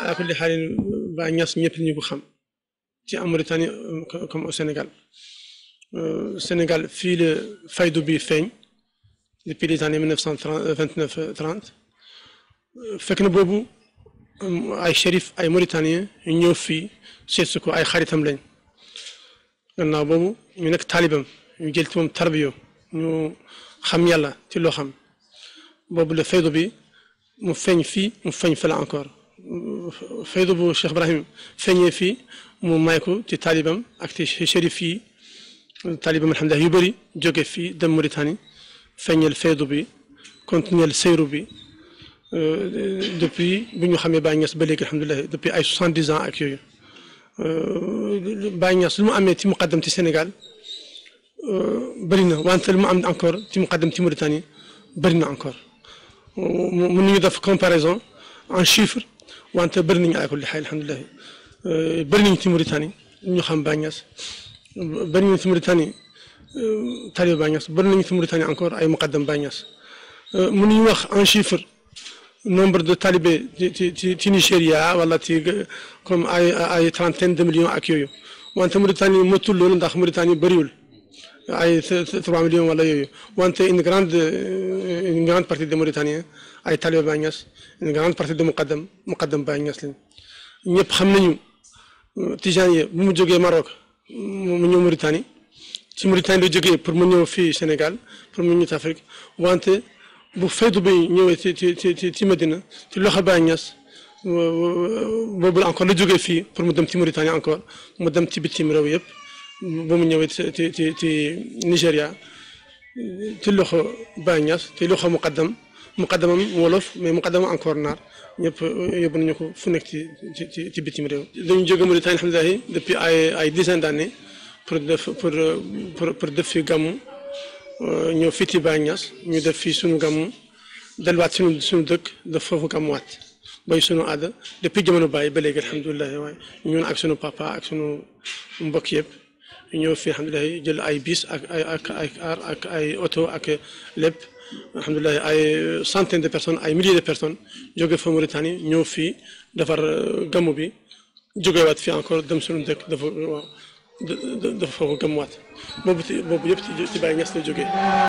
على كل حال بقى الناس 100% بخم تي موريتانيا كوم او سنغال السنغال في فايدو بي فين depuis les années 1929-30 فكنا بوبو اي شريف اي موريتانيا نيوفي سيسكو اي خاري تملين أنا أبو منك طالبم يجلتهم تربية نو خم يلا تلو خم بابو لفيدو بي مفين في مفين فلا أنكر فيدو بو شيخ إبراهيم فين في مو مايكو تي طالبم أكتش شريف في طالبم الحمد لله يبري جوكي في دم موريتاني فين الفيدو بي كنت نيل سيرو بي دوبي بنيو خمي بانيس بليك الحمد لله دوبي أي 70 عام أكيو باينياس المؤمن تي مقدم تي السنغال برينا وانت المؤمن انكور تي مقدم تي موريتانيا برينا انكور من يضاف كومباريزون ان شيفر وانت برني على كل حال الحمد لله برني تي موريتاني نيخام بانياس برني تي موريتاني تاريو بانياس برني تي موريتاني انكور اي مقدم بانياس من يوخ ان شيفر نمبر دو طالب تي نيجيريا ولا تي كم اي اي 30 مليون اكيو وانت موريتاني لون ندخ موريتاني بريول اي 7 مليون ولا يو وانت ان جراند ان جراند بارتي دي موريتانيا اي طالب بانياس ان جراند بارتي دي مقدم مقدم بانياس نيب خمنيو تيجاني مو جوغي ماروك مو موريتاني تي موريتاني دو جوغي بور مو في السنغال بور مو نيو تافريك وانت bu faydu bi ñëwee ci ci ci ci ci Medina ci loxo Baye Niass boobu la encore la jógee fii pour mu dem ci Mauritanie encore mu dem ci bitim réew yëpp ba mu ñëwee ci ci ci ci Nigéria ci loxo Baye Niass ci loxo muqaddam muqaddamam wolof mais muqaddamam encore naar ñëpp yóbbu nañu ko fu nekk ci ci ci bitim réew. dañu jóge Mauritanie alhamdulilah depuis ay ay dizaine d' années pour def pour pour pour def fi gàmmu. ñëw fii ci Baay Ñas ñu def fii suñu gàmmu delluwaat suñu suñu dëkk def foofu gàmmuwaat bay sunu aada depuis jamono Baay ba léegi alhamdulilah waaye ñun ak suñu papa ak suñu mbokk yëpp ñëw fii alhamdulilah jël ay bis ak ay ak ay ak ay oto ak lépp alhamdulilah ay centaine de personnes ay milliers de personnes jóge fa Mauritanie ñëw fii defar gàmmu bi jóge jógewaat fii encore dem suñu dëkk dafa dafa xaw a gëmmuwaat boobu ci boobu yëpp ci ci Baye Niass